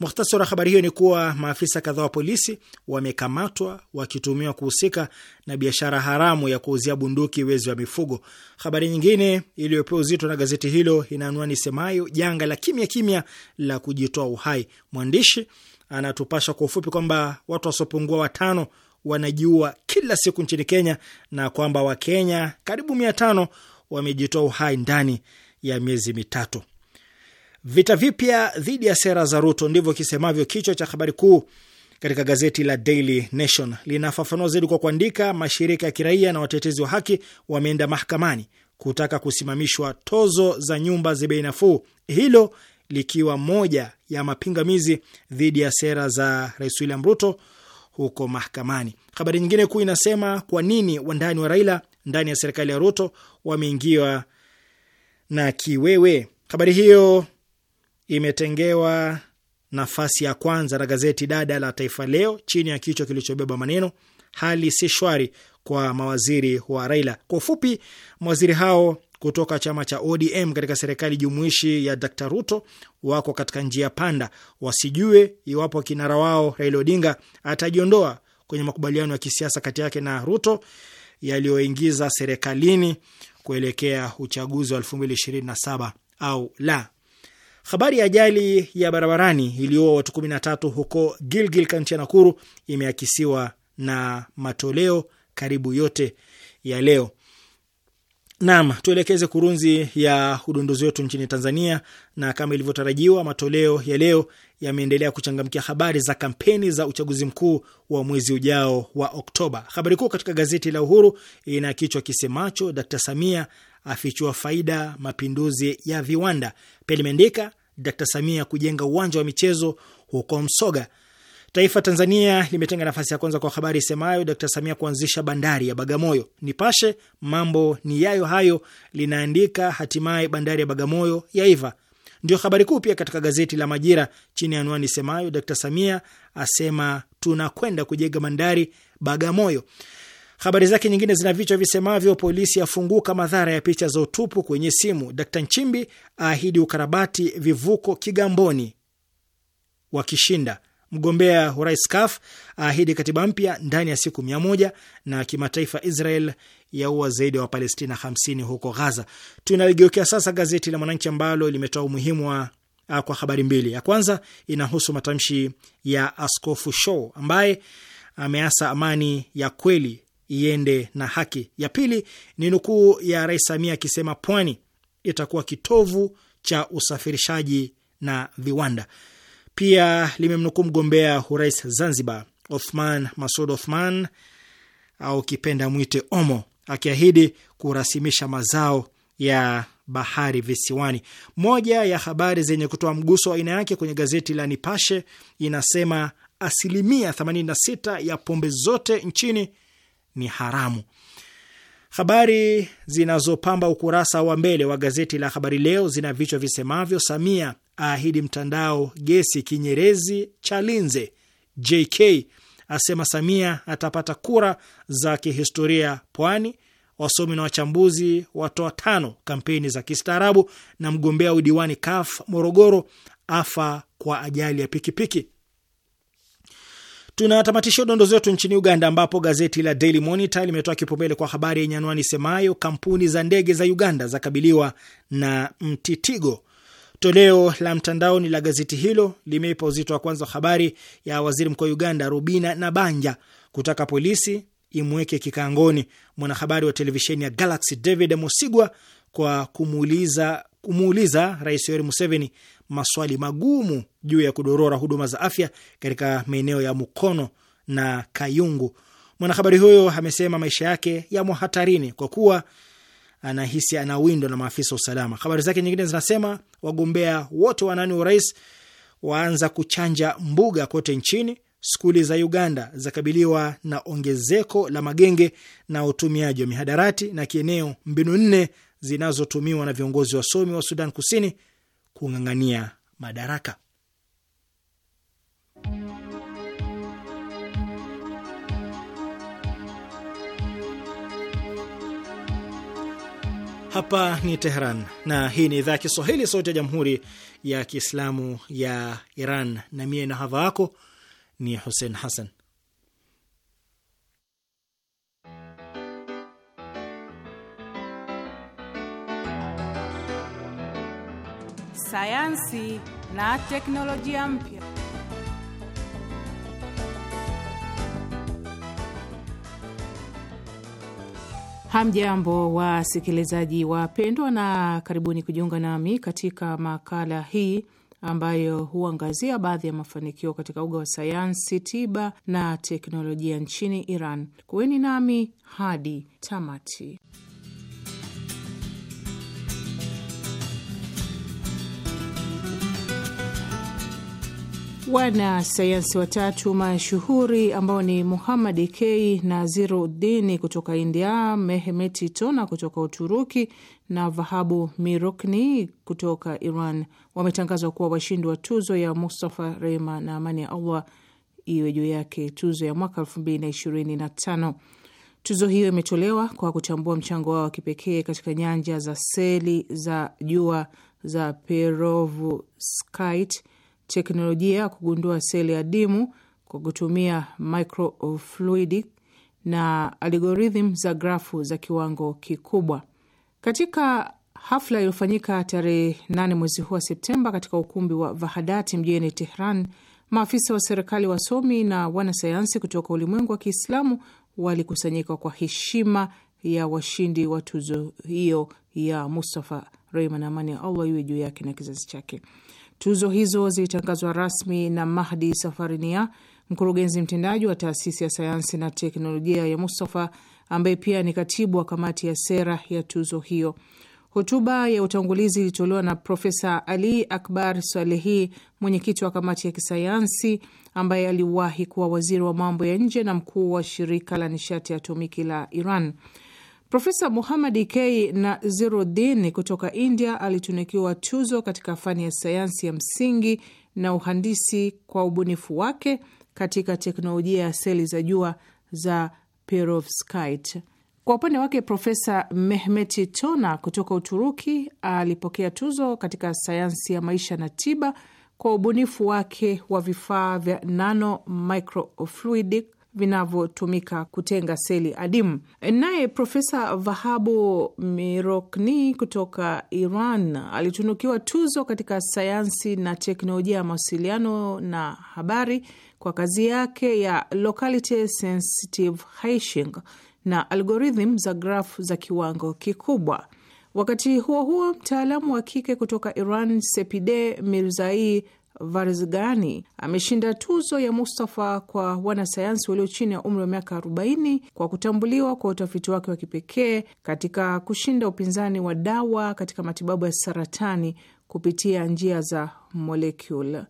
Muhtasari wa habari hiyo ni kuwa maafisa kadhaa wa polisi wamekamatwa wakitumiwa kuhusika na biashara haramu ya kuuzia bunduki wezi wa mifugo. Habari nyingine iliyopewa uzito na gazeti hilo ina anwani semayo janga la kimya kimya la kujitoa uhai. Mwandishi anatupasha kwa ufupi kwamba watu wasiopungua watano wanajiua kila siku nchini Kenya na kwamba Wakenya karibu mia tano wamejitoa uhai ndani ya miezi mitatu. Vita vipya dhidi ya sera za Ruto, ndivyo kisemavyo kichwa cha habari kuu katika gazeti la Daily Nation. Linafafanua zaidi kwa kuandika, mashirika ya kiraia na watetezi wa haki wameenda mahakamani kutaka kusimamishwa tozo za nyumba za bei nafuu. Hilo likiwa moja ya mapingamizi dhidi ya sera za Rais William Ruto huko mahakamani. Habari nyingine kuu inasema kwa nini wandani wa Raila ndani ya serikali ya Ruto wameingiwa na kiwewe. Habari hiyo imetengewa nafasi ya kwanza na gazeti dada la Taifa Leo chini ya kichwa kilichobeba maneno hali si shwari kwa mawaziri wa Raila. Kwa ufupi, mawaziri hao kutoka chama cha ODM katika serikali jumuishi ya Dr Ruto wako katika njia panda, wasijue iwapo kinara wao Raila Odinga atajiondoa kwenye makubaliano ya kisiasa kati yake na Ruto yaliyoingiza serikalini kuelekea uchaguzi wa 2027 au la. Habari ya ajali ya barabarani iliyoua watu 13 huko Gilgil, kaunti ya Nakuru, imeakisiwa na matoleo karibu yote ya leo. Naam, tuelekeze kurunzi ya udunduzi wetu nchini Tanzania, na kama ilivyotarajiwa matoleo ya leo yameendelea kuchangamkia habari za kampeni za uchaguzi mkuu wa mwezi ujao wa Oktoba. Habari kuu katika gazeti la Uhuru ina kichwa kisemacho Dkt Samia afichua faida mapinduzi ya viwanda. Pia limeandika Dkt Samia kujenga uwanja wa michezo huko Msoga. Taifa Tanzania limetenga nafasi ya kwanza kwa habari isemayo d Samia kuanzisha bandari ya Bagamoyo. Nipashe mambo ni yayo hayo linaandika hatimaye bandari ya Bagamoyo yaiva, ndio habari kuu pia katika gazeti la Majira chini ya anwani isemayo Dkt Samia asema tunakwenda kujenga bandari Bagamoyo. Habari zake nyingine zina vichwa visemavyo: polisi afunguka madhara ya picha za utupu kwenye simu, d Nchimbi aahidi ukarabati vivuko Kigamboni wakishinda Mgombea urais CUF aahidi katiba mpya ndani ya siku mia moja. Na kimataifa, Israel yaua zaidi ya wa Wapalestina 50 huko Ghaza. Tunaligeukia sasa gazeti la Mwananchi ambalo limetoa umuhimu wa ah, kwa habari mbili. Ya kwanza inahusu matamshi ya Askofu Show ambaye ameasa amani ya kweli iende na haki. Ya pili ni nukuu ya Rais Samia akisema pwani itakuwa kitovu cha usafirishaji na viwanda. Pia limemnukuu mgombea urais Zanzibar Othman Masud Othman au kipenda mwite Omo akiahidi kurasimisha mazao ya bahari visiwani. Moja ya habari zenye kutoa mguso wa aina yake kwenye gazeti la Nipashe inasema asilimia 86 ya pombe zote nchini ni haramu. Habari zinazopamba ukurasa wa mbele wa gazeti la Habari Leo zina vichwa visemavyo: Samia aahidi mtandao gesi Kinyerezi cha linze JK asema Samia atapata kura za kihistoria Pwani. Wasomi na wachambuzi watoa tano kampeni za kistaarabu, na mgombea udiwani kaf Morogoro afa kwa ajali ya pikipiki. tunatamatishia dondo zetu nchini Uganda, ambapo gazeti la Daily Monitor limetoa kipaumbele kwa habari yenye anwani semayo kampuni za ndege za Uganda zakabiliwa na mtitigo. Toleo la mtandaoni la gazeti hilo limeipa uzito wa kwanza habari ya waziri mkuu wa Uganda Rubina Nabanja kutaka polisi imweke kikangoni mwanahabari wa televisheni ya Galaxy David Musigwa kwa kumuuliza kumuuliza Rais Yoweri Museveni maswali magumu juu ya kudorora huduma za afya katika maeneo ya Mukono na Kayungu. Mwanahabari huyo amesema maisha yake yamo hatarini kwa kuwa anahisi anawindwa na maafisa wa usalama. Habari zake nyingine zinasema wagombea wote wanani wa urais waanza kuchanja mbuga kote nchini. Skuli za Uganda zakabiliwa na ongezeko la magenge na utumiaji wa mihadarati. Na kieneo, mbinu nne zinazotumiwa na viongozi wasomi wa Sudan Kusini kung'ang'ania madaraka. Hapa ni Tehran na hii ni idhaa ya Kiswahili, sauti ya jamhuri ya kiislamu ya Iran, na mie na hava wako ni Hussein Hassan. Sayansi na teknolojia mpya. Hamjambo, wasikilizaji wapendwa, na karibuni kujiunga nami katika makala hii ambayo huangazia baadhi ya mafanikio katika uga wa sayansi, tiba na teknolojia nchini Iran. Kuweni nami hadi tamati. Wanasayansi watatu mashuhuri ambao ni Muhammad K Naziruddini kutoka India, Mehmeti Tona kutoka Uturuki na Vahabu Mirukni kutoka Iran wametangazwa kuwa washindi wa tuzo ya Mustafa, rehma na amani ya Allah iwe juu yake, tuzo ya mwaka na na ishirini tano Tuzo hiyo imetolewa kwa kutambua mchango wao wa kipekee katika nyanja za seli za jua za perovskite teknolojia ya kugundua seli ya dimu kwa kutumia microfluidic na algorithm za grafu za kiwango kikubwa. Katika hafla iliyofanyika tarehe 8 mwezi huu wa Septemba katika ukumbi wa Vahadati mjini Tehran, maafisa wa serikali, wasomi na wanasayansi kutoka ulimwengu wa Kiislamu walikusanyika kwa heshima ya washindi wa tuzo hiyo ya Mustafa Rehman, amani ya Allah iwe juu yake na kizazi chake. Tuzo hizo zilitangazwa rasmi na Mahdi Safarinia, mkurugenzi mtendaji wa taasisi ya sayansi na teknolojia ya Mustafa, ambaye pia ni katibu wa kamati ya sera ya tuzo hiyo. Hotuba ya utangulizi ilitolewa na Profesa Ali Akbar Salehi, mwenyekiti wa kamati ya kisayansi ambaye aliwahi kuwa waziri wa mambo ya nje na mkuu wa shirika la nishati ya atomiki la Iran. Profesa Muhamadi K Nazirudini kutoka India alitunikiwa tuzo katika fani ya sayansi ya msingi na uhandisi kwa ubunifu wake katika teknolojia ya seli za jua za perovskite. Kwa upande wake, Profesa Mehmeti Tona kutoka Uturuki alipokea tuzo katika sayansi ya maisha na tiba kwa ubunifu wake wa vifaa vya nano microfluidic vinavyotumika kutenga seli adimu. Naye Profesa Vahabu Mirokni kutoka Iran alitunukiwa tuzo katika sayansi na teknolojia ya mawasiliano na habari kwa kazi yake ya locality sensitive hashing na algorithm za grafu za kiwango kikubwa. Wakati huo huo, mtaalamu wa kike kutoka Iran Sepide Mirzai Varzgani ameshinda tuzo ya Mustafa kwa wanasayansi walio chini ya umri wa miaka 40 kwa kutambuliwa kwa utafiti wake wa kipekee katika kushinda upinzani wa dawa katika matibabu ya saratani kupitia njia za molekula.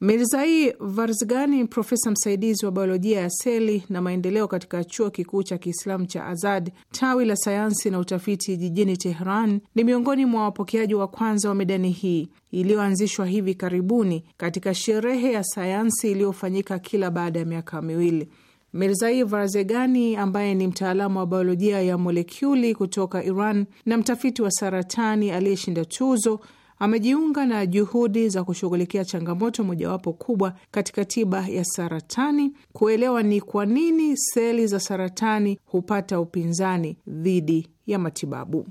Mirzai Varzegani, profesa msaidizi wa biolojia ya seli na maendeleo katika chuo kikuu cha Kiislamu cha Azad, tawi la sayansi na utafiti jijini Tehran, ni miongoni mwa wapokeaji wa kwanza wa medani hii iliyoanzishwa hivi karibuni katika sherehe ya sayansi iliyofanyika kila baada ya miaka miwili. Mirzai Varzegani ambaye ni mtaalamu wa biolojia ya molekuli kutoka Iran na mtafiti wa saratani aliyeshinda tuzo amejiunga na juhudi za kushughulikia changamoto mojawapo kubwa katika tiba ya saratani, kuelewa ni kwa nini seli za saratani hupata upinzani dhidi ya matibabu.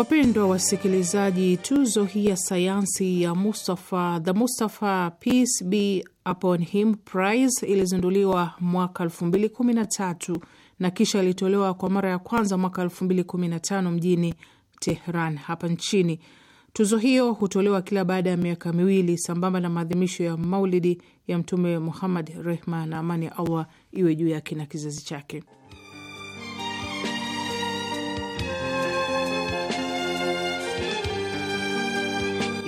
Wapendwa wasikilizaji, tuzo hii ya sayansi ya Mustafa, the Mustafa Peace Be Upon Him Prize ilizinduliwa mwaka 2013 na kisha ilitolewa kwa mara ya kwanza mwaka 2015 mjini Tehran hapa nchini. Tuzo hiyo hutolewa kila baada ya miaka miwili sambamba na maadhimisho ya maulidi ya Mtume Muhammad, rehma na amani ya Allah iwe juu yake na kizazi chake.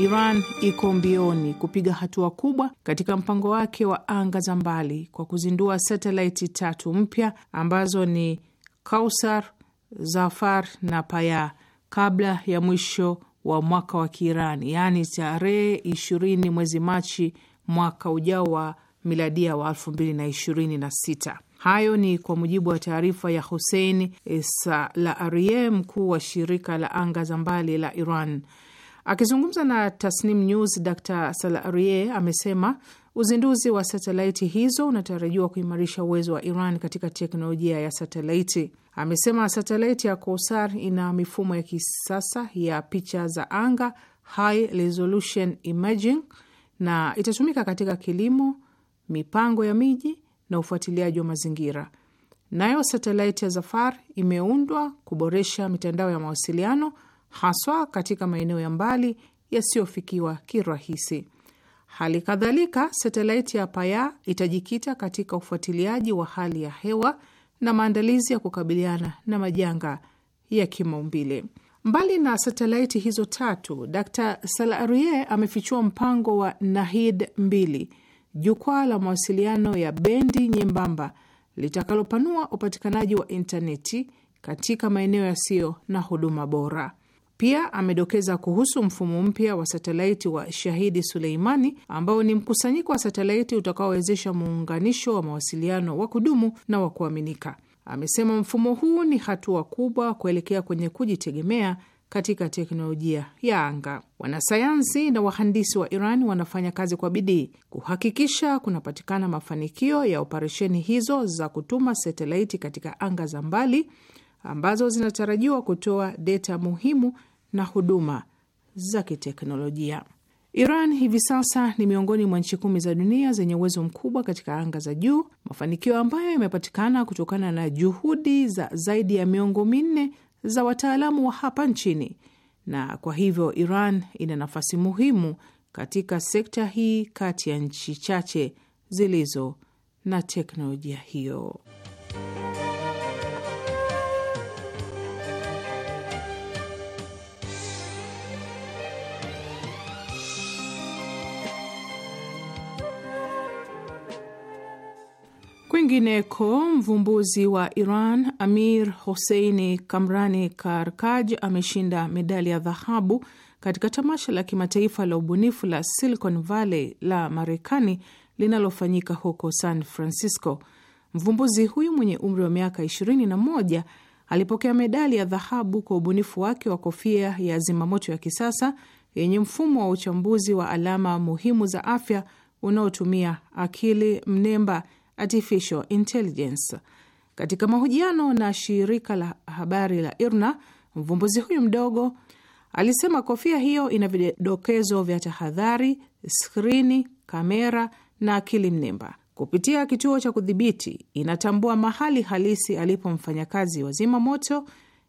Iran iko mbioni kupiga hatua kubwa katika mpango wake wa anga za mbali kwa kuzindua satelaiti tatu mpya ambazo ni Kausar, Zafar na Paya kabla ya mwisho wa mwaka wa Kiirani, yaani tarehe ishirini mwezi Machi mwaka ujao wa miladia wa elfu mbili na ishirini na sita. Hayo ni kwa mujibu wa taarifa ya Hussein Salaarie, mkuu wa shirika la anga za mbali la Iran. Akizungumza na Tasnim News, Dr Salarie amesema uzinduzi wa satelaiti hizo unatarajiwa kuimarisha uwezo wa Iran katika teknolojia ya satelaiti. Amesema satelaiti ya Kousar ina mifumo ya kisasa ya picha za anga, high resolution imaging, na itatumika katika kilimo, mipango ya miji na ufuatiliaji wa mazingira. Nayo satelaiti ya Zafar imeundwa kuboresha mitandao ya mawasiliano haswa katika maeneo ya mbali yasiyofikiwa kirahisi. Hali kadhalika, satelaiti ya Paya itajikita katika ufuatiliaji wa hali ya hewa na maandalizi ya kukabiliana na majanga ya kimaumbile. Mbali na satelaiti hizo tatu, Dr Salarie amefichua mpango wa Nahid mbili, jukwaa la mawasiliano ya bendi nyembamba litakalopanua upatikanaji wa intaneti katika maeneo yasiyo na huduma bora. Pia amedokeza kuhusu mfumo mpya wa satelaiti wa Shahidi Suleimani ambao ni mkusanyiko wa satelaiti utakaowezesha muunganisho wa mawasiliano wa kudumu na wa kuaminika. Amesema mfumo huu ni hatua kubwa kuelekea kwenye kujitegemea katika teknolojia ya anga. Wanasayansi na wahandisi wa Iran wanafanya kazi kwa bidii kuhakikisha kunapatikana mafanikio ya operesheni hizo za kutuma satelaiti katika anga za mbali ambazo zinatarajiwa kutoa deta muhimu na huduma za kiteknolojia. Iran hivi sasa ni miongoni mwa nchi kumi za dunia zenye uwezo mkubwa katika anga za juu, mafanikio ambayo yamepatikana kutokana na juhudi za zaidi ya miongo minne za wataalamu wa hapa nchini, na kwa hivyo Iran ina nafasi muhimu katika sekta hii kati ya nchi chache zilizo na teknolojia hiyo. Kwingineko, mvumbuzi wa Iran Amir Hoseini Kamrani Karkaj ameshinda medali ya dhahabu katika tamasha la kimataifa la ubunifu la Silicon Valley la Marekani linalofanyika huko San Francisco. Mvumbuzi huyu mwenye umri wa miaka 21 alipokea medali ya dhahabu kwa ubunifu wake wa kofia ya zimamoto ya kisasa yenye mfumo wa uchambuzi wa alama muhimu za afya unaotumia akili mnemba artificial intelligence. Katika mahojiano na shirika la habari la IRNA, mvumbuzi huyu mdogo alisema kofia hiyo ina vidokezo vya tahadhari, skrini, kamera na akili mnemba. Kupitia kituo cha kudhibiti, inatambua mahali halisi alipo mfanyakazi wa zima moto,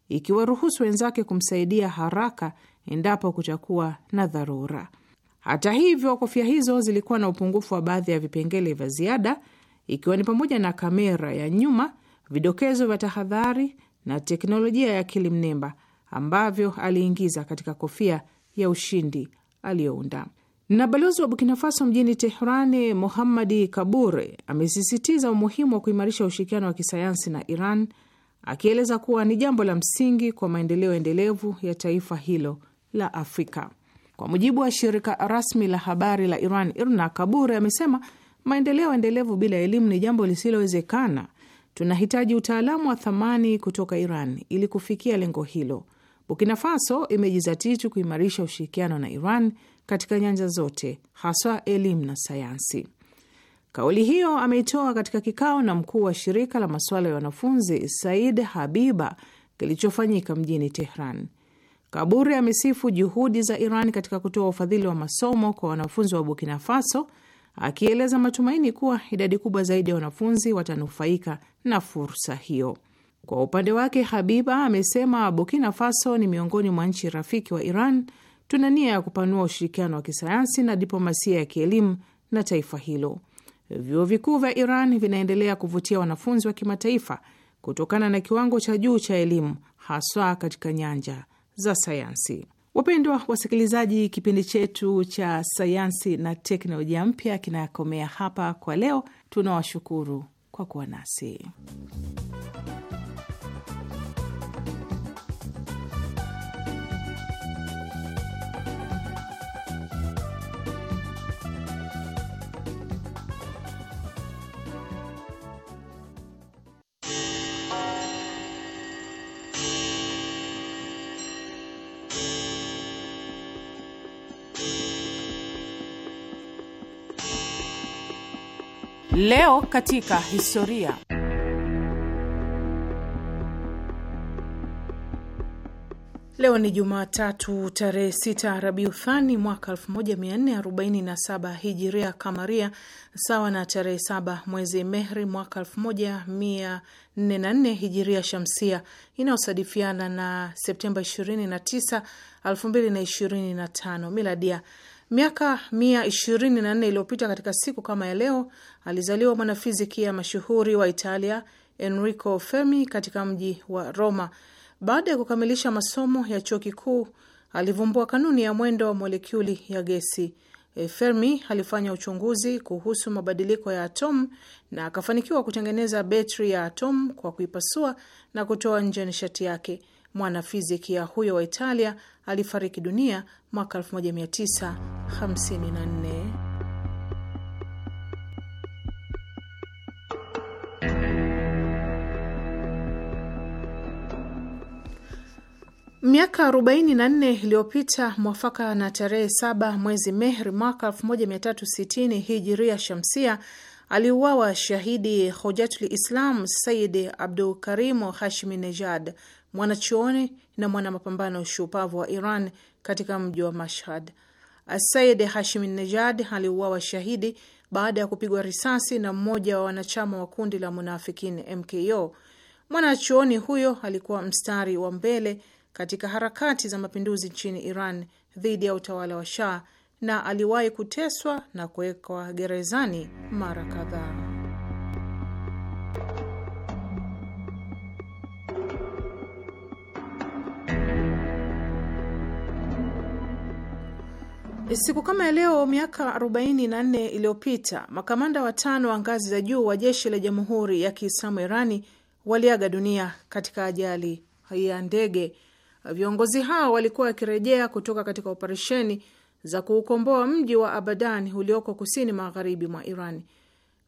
ikiwaruhusu wenzake kumsaidia haraka endapo kutakuwa na dharura. Hata hivyo, kofia hizo zilikuwa na upungufu wa baadhi ya vipengele vya ziada ikiwa ni pamoja na kamera ya nyuma, vidokezo vya tahadhari na teknolojia ya akili mnemba ambavyo aliingiza katika kofia ya ushindi aliyounda. Na balozi wa Burkina Faso mjini Tehrani, muhamadi Kabure, amesisitiza umuhimu wa kuimarisha ushirikiano wa kisayansi na Iran, akieleza kuwa ni jambo la msingi kwa maendeleo endelevu ya taifa hilo la Afrika. Kwa mujibu wa shirika rasmi la habari la Iran IRNA, Kabure amesema Maendeleo endelevu bila elimu ni jambo lisilowezekana. Tunahitaji utaalamu wa thamani kutoka Iran ili kufikia lengo hilo. Burkina Faso imejizatiti kuimarisha ushirikiano na Iran katika nyanja zote, haswa elimu na sayansi. Kauli hiyo ameitoa katika kikao na mkuu wa shirika la masuala ya wanafunzi Said Habiba kilichofanyika mjini Tehran. Kaburi amesifu juhudi za Iran katika kutoa ufadhili wa masomo kwa wanafunzi wa Burkina Faso akieleza matumaini kuwa idadi kubwa zaidi ya wanafunzi watanufaika na fursa hiyo. Kwa upande wake, Habiba amesema Burkina Faso ni miongoni mwa nchi rafiki wa Iran. Tuna nia ya kupanua ushirikiano wa kisayansi na diplomasia ya kielimu na taifa hilo. Vyuo vikuu vya Iran vinaendelea kuvutia wanafunzi wa kimataifa kutokana na kiwango cha juu cha elimu, haswa katika nyanja za sayansi. Wapendwa wasikilizaji, kipindi chetu cha sayansi na teknolojia mpya kinakomea hapa kwa leo. Tunawashukuru kwa kuwa nasi. Leo katika historia. Leo ni Jumatatu tarehe 6 Rabiuthani mwaka 1447 hijiria kamaria, sawa na tarehe 7 mwezi Mehri mwaka 1404 hijiria shamsia, inayosadifiana na Septemba 29, 2025 miladia. Miaka 124 iliyopita katika siku kama ya leo Alizaliwa mwanafizikia mashuhuri wa Italia Enrico Fermi katika mji wa Roma. Baada ya kukamilisha masomo ya chuo kikuu, alivumbua kanuni ya mwendo wa molekuli ya gesi. E, Fermi alifanya uchunguzi kuhusu mabadiliko ya atomu na akafanikiwa kutengeneza betri ya atomu kwa kuipasua na kutoa nje nishati yake. Mwanafizikia huyo wa Italia alifariki dunia mwaka 1954. Miaka 44 iliyopita mwafaka na tarehe 7 mwezi Mehri mwaka 1360 hijiria shamsia aliuawa shahidi Hojatul Islam Sayid Abdul Karimu Hashimi Nejad, mwanachuoni na mwana mapambano shupavu wa Iran katika mji wa Mashhad. Sayid Hashimi Nejad aliuawa shahidi baada ya kupigwa risasi na mmoja wa wanachama wa kundi la Munafikin MKO. Mwanachuoni huyo alikuwa mstari wa mbele katika harakati za mapinduzi nchini Iran dhidi ya utawala wa Shah na aliwahi kuteswa na kuwekwa gerezani mara kadhaa. Siku kama ya leo miaka 44 iliyopita makamanda watano wa ngazi za juu wa jeshi la Jamhuri ya Kiislamu Irani waliaga dunia katika ajali ya ndege Viongozi hao walikuwa wakirejea kutoka katika operesheni za kuukomboa mji wa Abadan ulioko kusini magharibi mwa Iran.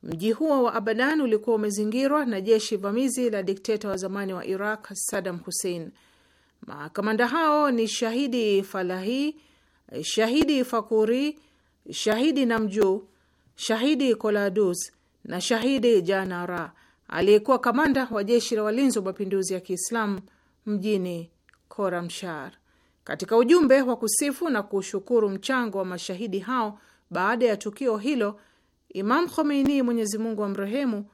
Mji huo wa Abadan ulikuwa umezingirwa na jeshi vamizi la dikteta wa zamani wa Iraq, Saddam Hussein. Makamanda hao ni Shahidi Falahi, Shahidi Fakuri, Shahidi Namju, Shahidi Koladus na Shahidi Janara, aliyekuwa kamanda wa jeshi la walinzi wa mapinduzi ya Kiislamu mjini Koramshar. Katika ujumbe wa kusifu na kushukuru mchango wa mashahidi hao baada ya tukio hilo, Imam Khomeini, Mwenyezi Mungu amrehemu,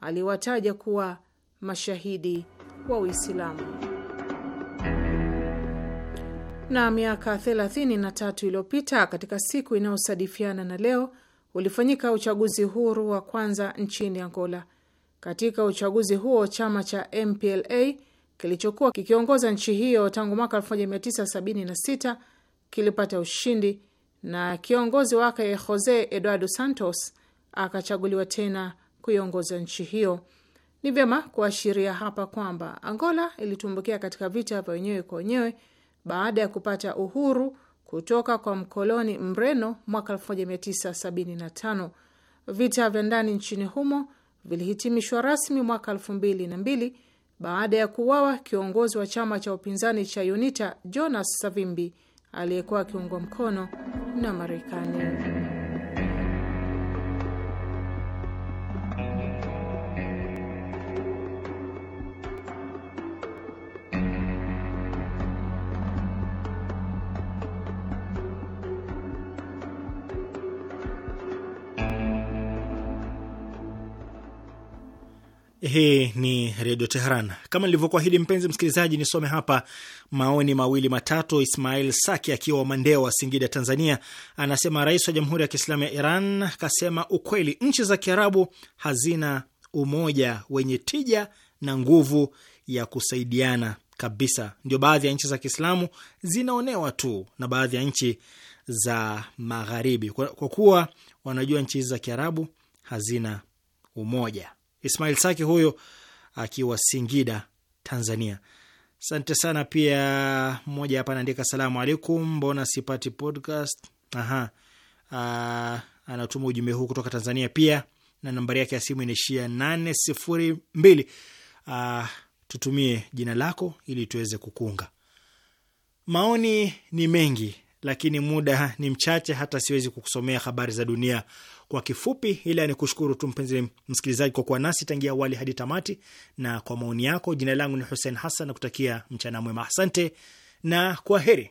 aliwataja kuwa mashahidi wa Uislamu. Na miaka 33 iliyopita katika siku inayosadifiana na leo ulifanyika uchaguzi huru wa kwanza nchini Angola. Katika uchaguzi huo chama cha MPLA kilichokuwa kikiongoza nchi hiyo tangu mwaka 1976 kilipata ushindi na kiongozi wake Jose Eduardo Santos akachaguliwa tena kuiongoza nchi hiyo. Ni vyema kuashiria hapa kwamba Angola ilitumbukia katika vita vya wenyewe kwa wenyewe baada ya kupata uhuru kutoka kwa mkoloni Mreno mwaka 1975. Vita vya ndani nchini humo vilihitimishwa rasmi mwaka 2002 baada ya kuuawa kiongozi wa chama cha upinzani cha UNITA Jonas Savimbi aliyekuwa akiungwa mkono na Marekani. Hii ni Redio Teheran. Kama nilivyokuahidi, mpenzi msikilizaji, nisome hapa maoni mawili matatu. Ismail Saki akiwa wa Mandeo wa Singida, Tanzania, anasema rais wa Jamhuri ya Kiislamu ya Iran kasema ukweli, nchi za Kiarabu hazina umoja wenye tija na nguvu ya kusaidiana kabisa. Ndio baadhi ya nchi za Kiislamu zinaonewa tu na baadhi ya nchi za Magharibi kwa kuwa wanajua nchi hizi za Kiarabu hazina umoja. Ismail Saki huyo akiwa Singida, Tanzania. Asante sana. Pia mmoja hapa anaandika salamu alaikum, mbona sipati podcast? Aha, ah, anatuma ujumbe huu kutoka Tanzania pia, na nambari yake ya simu inaishia nane sifuri mbili. Ah, tutumie jina lako ili tuweze kukunga. Maoni ni mengi lakini muda ni mchache, hata siwezi kukusomea habari za dunia kwa kifupi, ila ni kushukuru tu mpenzi msikilizaji kwa kuwa nasi tangia awali hadi tamati na kwa maoni yako. Jina langu ni Hussein Hassan na kutakia mchana mwema. Asante na kwa heri.